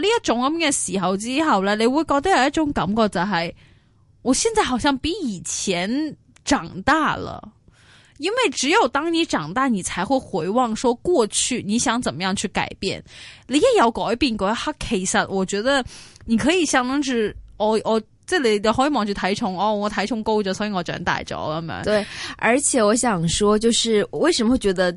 呢一種咁嘅時候之後咧，你會覺得有一種感覺就係、是，我現在好像比以前長大了，因為只有當你長大，你才會回望說過去你想怎麼樣去改變，你一有改變嗰一刻其實，我覺得你可以相當住我我即係你你可以望住體重，哦我體重高咗，所以我長大咗咁樣。對，而且我想說，就是為什麼會覺得？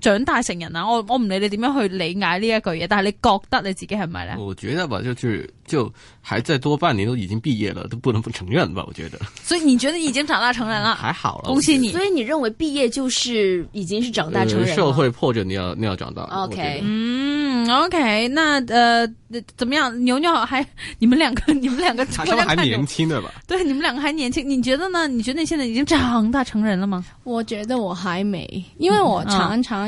長大成人啊，我我唔理你點樣去理解呢一句嘢，但係你覺得你自己係咪咧？我覺得吧，就就是、就還再多半年都已經畢業了，都不能不承認吧。我覺得。所以你覺得已經長大成人啦？還、 嗯、好了，恭喜你。所以你認為畢業就是已經是長大成人、呃？社會迫着你要你要長大。OK，嗯，OK，那，呃，怎麼樣？牛牛還，你們兩個，你們兩個，個他是是還年輕的吧？對，你們兩個還年輕。你覺得呢？你覺得你現在已經長大成人了嗎？我覺得我還沒，因為我常常、嗯。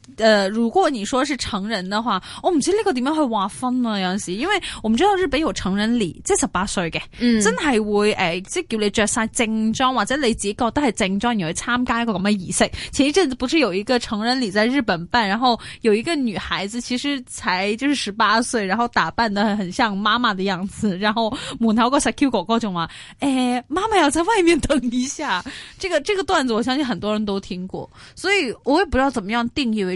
呃，如果你說是成人的話，我唔知呢個點樣去劃分啊。有陣時，因為我們知道日本有成人禮，即係十八歲嘅，嗯、真係會誒，即、欸、係叫你着晒正裝，或者你自己覺得係正裝，然後去參加一個咁嘅儀式。前一陣子不是有一個成人禮在日本辦，然後有一個女孩子其實才就是十八歲，然後打扮得很像媽媽的樣子，然後門口個 secure 哥哥仲話，誒、欸，媽媽要在外面等一下，這個這個段子我相信很多人都聽過，所以我也不知道怎麼樣定義為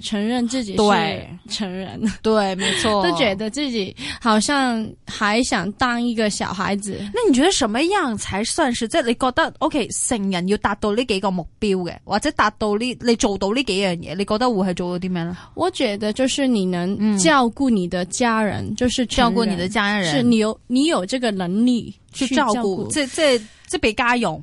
承認自己是成人，對，沒錯，都覺得自己好像還想當一個小孩子。那你覺得什麼樣才算是？即你覺得 OK，成人要達到呢幾個目標嘅，或者達到呢，你做到呢幾樣嘢，你覺得會係做到啲咩呢？我覺得就是你能照顧你的家人，嗯、就是照顧你的家人，是你有你有這個能力去照顧這這這筆家用。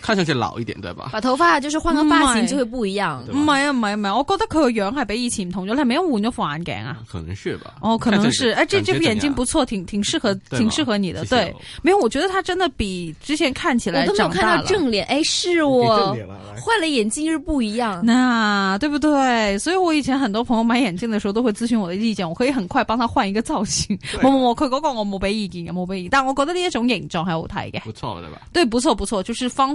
看上去老一點對吧？把頭髮，就是換個髮型就會不一樣。沒有沒有沒有，我覺得佢個樣係比以前唔同咗，你係咪因為換咗副眼鏡啊？可能是吧。哦，可能是。哎，這這個眼鏡不錯，挺挺適合，挺適合你的。對，沒有，我覺得他真的比之前看起來，我都沒有看到正臉。哎，是我換了眼鏡就是不一樣。那對不對？所以我以前很多朋友買眼鏡的時候都會諮詢我的意見，我可以很快幫他換一個造型。我我我佢嗰個我冇俾意見嘅，冇俾意見。但我覺得呢一種形狀係好睇嘅，不錯對吧？對，不錯不錯，就是方。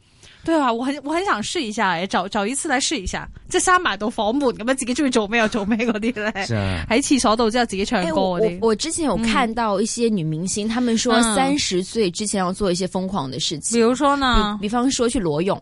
對啊，我很我很想試一下，找找一次來試一下，即係閂埋道房門咁樣，你要要自己出去做咩有做咩嗰啲咧，喺廁所度之後自己唱歌，欸。我我之前有看到一些女明星，他、嗯、們說三十歲之前要做一些瘋狂的事情，嗯、比，比如說呢，比比方說去裸泳。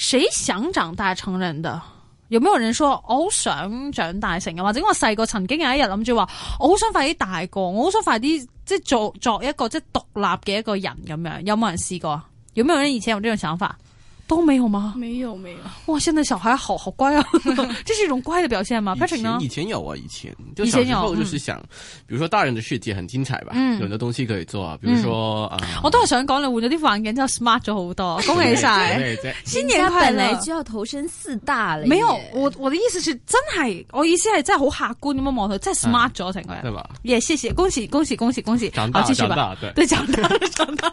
誰想長大成人的？有沒有人說我好想長大成人，或者我細個曾經有一日諗住話，我好想快啲大個，我好想快啲即係作作一個即係獨立嘅一個人咁樣？有冇人試過？有冇人以前有呢種想法？都沒有嗎？沒有沒有。哇，現在小孩好好乖啊，這是一種乖的表現嗎？Patrick 呢？以前有啊，以前就以前有就是想，比如說大人的世界很精彩吧，有的東西可以做啊，比如說啊，我都係想講，你換咗啲環境之後 smart 咗好多，恭喜晒！新年快樂，你就要投身四大了，沒有，我我的意思是真係，我意思係真係好客觀咁樣望佢，真係 smart 咗成個，對吧？也謝謝，恭喜恭喜恭喜恭喜，長大了繼續吧，對，長大長大。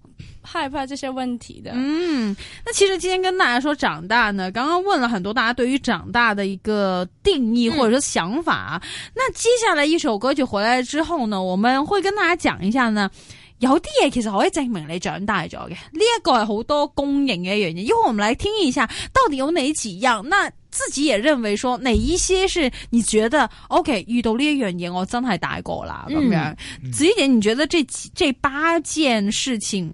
害怕這些問題的，嗯，那其實今天跟大家說長大呢，剛剛問了很多大家對於長大的一個定義或者說想法，嗯、那接下來一首歌曲回來之後呢，我們會跟大家講一下呢，有啲嘢其實可以證明你長大咗嘅，呢、這、一個係好多公認嘅原因。一會我們來聽一下，到底有哪幾樣？那自己也認為說哪一些是你覺得 OK，遇到呢一樣嘢我真係大個啦，咁、嗯、樣。嗯、子杰，你覺得這這八件事情？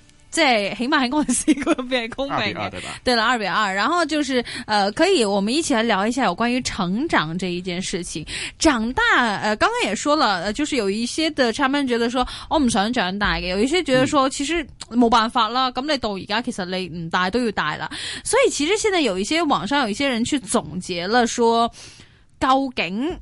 即係起碼係我哋四個比較公平嘅，對吧？對啦，二比二。然後就是，呃，可以，我們一齊嚟聊一下有關於成長這一件事情。長大，呃，剛剛也說啦，呃，就是有一些的 champion 覺得說，我唔想長大嘅，有一些覺得說，嗯、其實冇辦法啦。咁你到而家，其實你唔大都要大啦。所以其實現在有一些網上有一些人去總結啦說，說究竟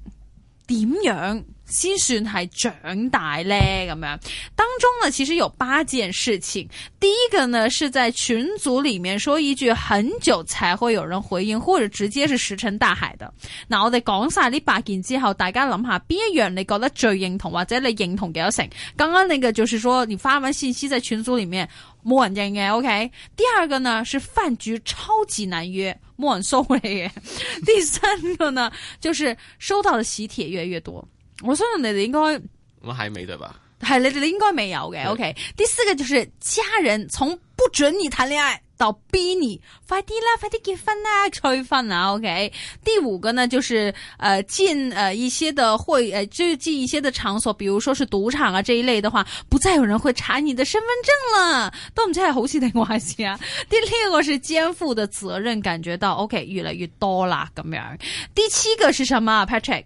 點樣？先算係長大呢。咁樣，當中呢其實有八件事情。第一個呢，是在群組裏面說一句，很久才會有人回應，或者直接是石沉大海的。嗱，我哋講晒呢八件之後，大家諗下邊一樣你覺得最認同，或者你認同幾多成？剛剛那個就是說，你發完信息在群組裏面冇人應嘅。OK，第二個呢，是飯局超級難約，冇人收嘅。第三個呢， 就是收到的喜帖越來越多。我說你應該，我還沒對吧？係你哋應該沒有嘅。Okay, 對 OK，第四個就是家人從不准你談戀愛到逼你 快啲啦，快啲結婚啦，催婚啦。OK，第五個呢就是呃進呃一些的會呃就進一些的場所，比如說是賭場啊這一類的話，不再有人會查你的身份證了，都唔知係好事定壞事啊。 第六個是肩負的責任，感覺到 OK 越來越多啦，咁樣。第七個是什麼，Patrick？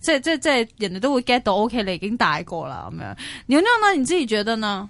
即係即係即係，人哋都會 get 到，OK，你已經大個啦，咁樣。牛牛呢？你自己覺得呢？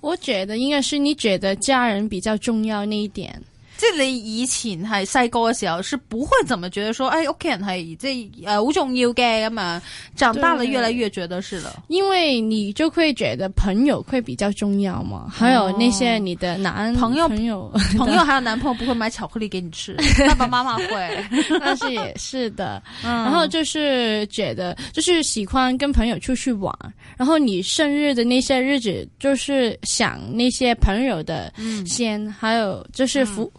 我覺得應該是你覺得家人比較重要那一點。即係你以前係細個嘅時候，是不會怎麼覺得說，誒屋企人係即係誒好重要嘅咁樣，長大了越來越覺得是了，因為你就會覺得朋友會比較重要嘛，哦、還有那些你的男朋友的，朋友、朋友還有男朋友不會買巧克力給你吃， 爸爸媽媽會，但 是也是的。嗯、然後就是覺得，就是喜歡跟朋友出去玩，然後你生日的那些日子，就是想那些朋友的先，嗯、還有就是服。嗯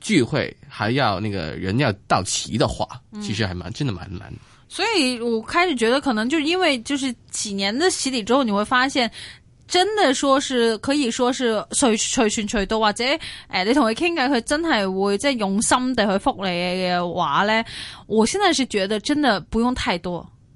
聚會還要那個人要到齊的話，其實還蠻、嗯、真的蠻難的。所以我開始覺得，可能就是因為就是幾年的洗禮之後，你會發現，真的說是可以說是隨隨傳隨到，或者誒、哎、你同佢傾偈，佢真係會即係用心地去覆你嘅話咧。我現在是覺得，真的不用太多。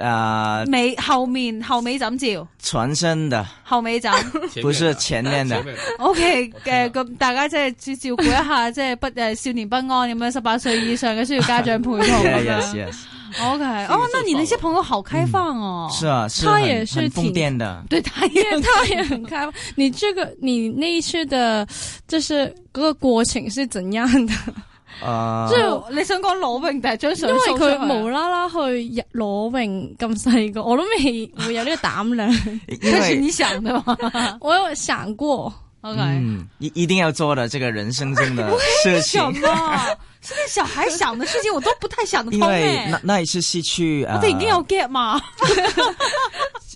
啊尾後面後尾怎照全身的後尾怎不是前面的？O K 嘅咁大家即係要照顧一下，即係不誒少年不安咁樣，十八歲以上嘅需要家長陪同。O K，哦，那你那些朋友好開放哦，是啊，他也是挺的，對他也他也很開放。你這個你那一次的，就是個過程是怎樣的？即係、uh, 你想講裸泳定係張相？因為佢無啦啦去裸泳咁細個，我都未會有呢個膽量。這是你想的嗎？我有想過，OK，一、嗯、一定要做到，這個人生中的事情。小貓，現在小孩想的事情我都不太想得通。因為那那一次係去，我哋已經有 get 嘛。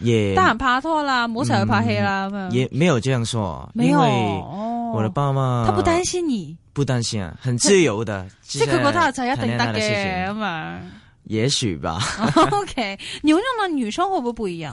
也得閒拍拖啦，唔好成日拍戲啦，也沒有這樣說。沒有，我的爸媽、哦、他不擔心你，不擔心啊，很自由的。即係佢覺得就一定得嘅咁樣，嗯、也許吧。OK， 你講到女生會不會不一樣？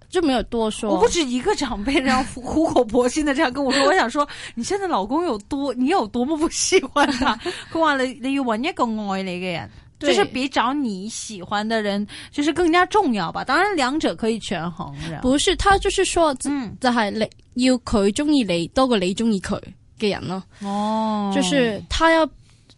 就沒有多說。我不止一個長輩這樣苦 口婆心的這樣跟我說，我想說，你現在老公有多，你有多麼不喜歡他。哇，你你要揾一個愛你嘅人，就是比找你喜歡的人，就是更加重要吧？當然，兩者可以權衡。是吧？不是，他就是說，嗯、就係你要佢中意你多過你中意佢嘅人咯。哦，就是他要。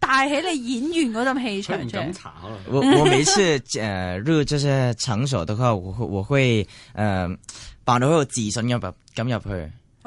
帶起你演員嗰陣氣場。我我每次誒、呃、入這些場所的話，我會我會誒，扮到好有自信嘅吧，咁入去。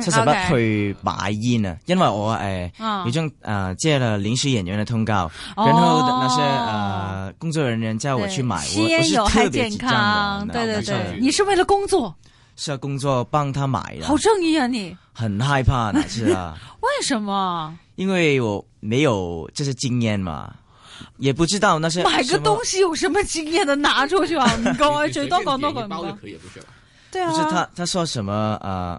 七十八去買煙啊，因為我誒，已經呃接了臨時演員的通告，然後那些呃工作人員叫我去買。吸煙有害健康，對對對，你是為了工作，是工作幫他買的。好正義啊你！很害怕，呢，是啊，為什麼？因為我沒有這些經驗嘛，也不知道那些買個東西有什麼經驗的拿出去啊！唔該，最多講多句。對啊，就佢佢佢佢佢佢佢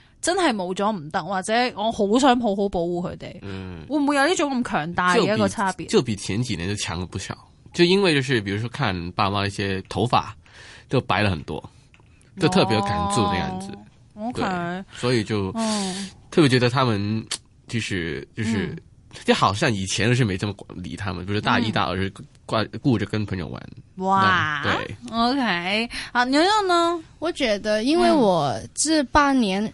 真係冇咗唔得，或者我好想好好保護佢哋，嗯、會唔會有呢種咁強大嘅一個差別？就比前幾年就強了不少，就因為就是，比如說看爸媽一些頭髮都白了很多，哦、就特別感觸呢樣子。哦、OK，所以就特別覺得他們，就是就是，就好像以前是沒這麼理他們，就是、嗯、大一大二就掛顧着跟朋友玩。嗯、哇，對，OK，好，牛牛 okay、啊、呢？我覺得因為我這半年。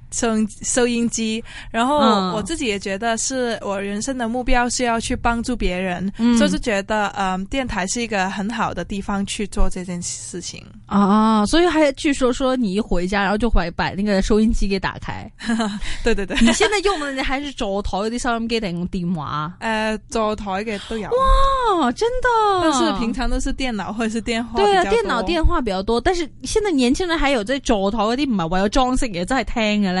收收音機，然後我自己也覺得是我人生的目標是要去幫助別人，嗯、所以就是覺得嗯，電台是一個很好的地方去做這件事情啊。所以還據說說你一回家，然後就會把那個收音機給打開。 對對對，你現在用的你 還是座台的收音機，定用電話？誒、呃，座台的都有。哇，真的？但是平常都是電腦或者是電話。對啊，電腦電話比較多，但是現在年輕人還有在座台的，唔係為咗裝飾嘅，真係聽嘅咧。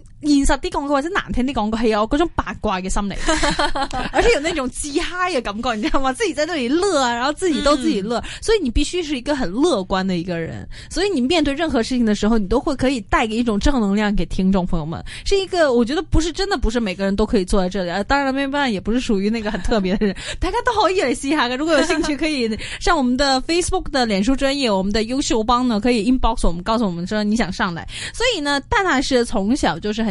現實啲講過或者難聽啲講過，係我嗰種八卦嘅心理， 而且有那種自 high 嘅感覺，你知道嗎？自己在那裏樂啊，然後自己都自己樂，嗯、所以你必須是一個很樂觀的一個人，所以你面對任何事情的時候，你都會可以帶給一種正能量給聽眾朋友們。是一個我覺得不是真的，不是每個人都可以坐在這裏啊。當然了，冇辦法，也不是屬於那個很特別的人， 大家都好有意思哈、啊。如果有興趣，可以上我們的 Facebook 的臉書專業，我們的優秀幫呢可以 inbox 我們，告訴我們說你想上來。所以呢，大大是從小就是很。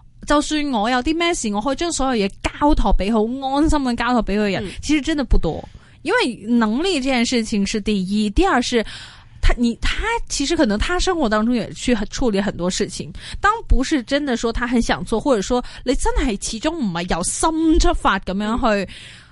就算我有啲咩事，我可以將所有嘢交託俾好安心咁交託俾佢人，嗯、其實真的不多，因為能力這件事情是第一，第二是，他你他其實可能他生活當中也去處理很多事情，當不是真的說他很想做，或者說你真係始終唔係由心出發咁樣去。嗯。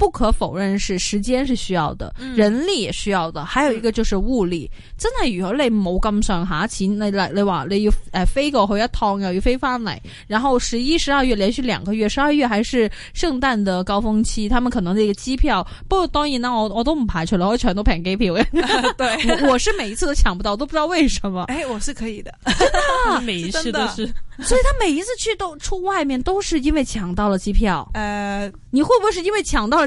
不可否認是時間是需要的，嗯，人力也需要的，還有一個就是物力。真的，有時你冇咁上下錢，你來來話，你誒飛過去一趟又要飛翻嚟，然後十一、十二月連續兩個月，十二月還是聖誕的高峰期，他們可能那個機票。不過當然我我都唔排除啦，我全都平機票嘅、呃。對，我是每一次都搶不到，我都不知道為什麼。哎，我是可以的，的 每一次都是。 真的 所以他每一次去都出外面都是因為搶到了機票。呃，你會不會是因為搶到了？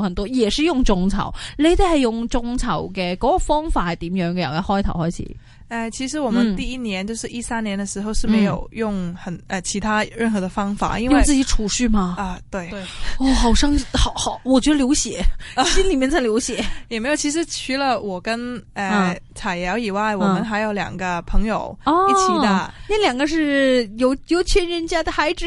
很多也是用眾籌，你哋係用眾籌嘅嗰個方法係點樣嘅？由一開頭開始。誒、呃，其實我們第一年、嗯、就是一三年的時候是沒有用很誒、呃、其他任何的方法，嗯、因，為因為自己儲蓄嘛。啊、呃，對。對哦，好傷，好好，我覺得流血，啊、心裏面真流血、啊。也沒有，其實除了我跟誒彩瑤以外，嗯、我們還有兩個朋友一起的。哦、那兩個是有有錢人家的孩子。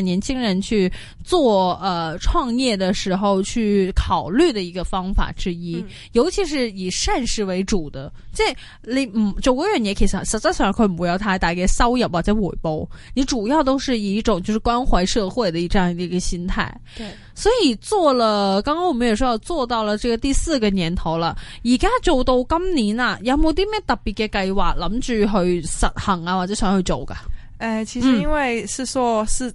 年輕人去做，呃，創業的時候去考慮的一個方法之一，嗯、尤其是以善事為主的，即係你唔做嗰樣嘢，嗯、也其實實質上佢唔會有太大嘅收入或者回報，你主要都是以一種就是關懷社會嘅這樣一個心態。對，所以做了，剛剛我們也說要做到了，這個第四個年頭了，而家做到今年啊，有冇啲咩特別嘅計劃諗住去實行啊，或者想去做㗎？誒、呃，其實因為是說、嗯，是。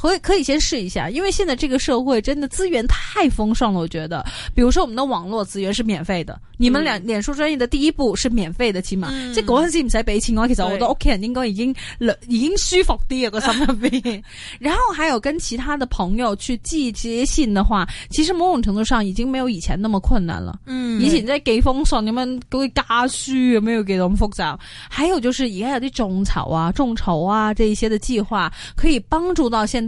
可以可以先試一下，因為現在這個社會真的資源太豐盛了。我覺得，比如說我們的網絡資源是免費的，嗯、你們兩臉書專業的第一步是免費的，起碼即嗰陣時唔使俾錢我。其實，我的屋企人應該已經了已經舒服啲啊，個心入邊。 然後還有跟其他的朋友去寄接信的話，其實某種程度上已經沒有以前那麼困難了。嗯，以前即幾豐盛，你們嗰啲家書有沒有咁複雜？還有就是以有啲眾籌啊、眾籌啊這一些的計劃，可以幫助到現。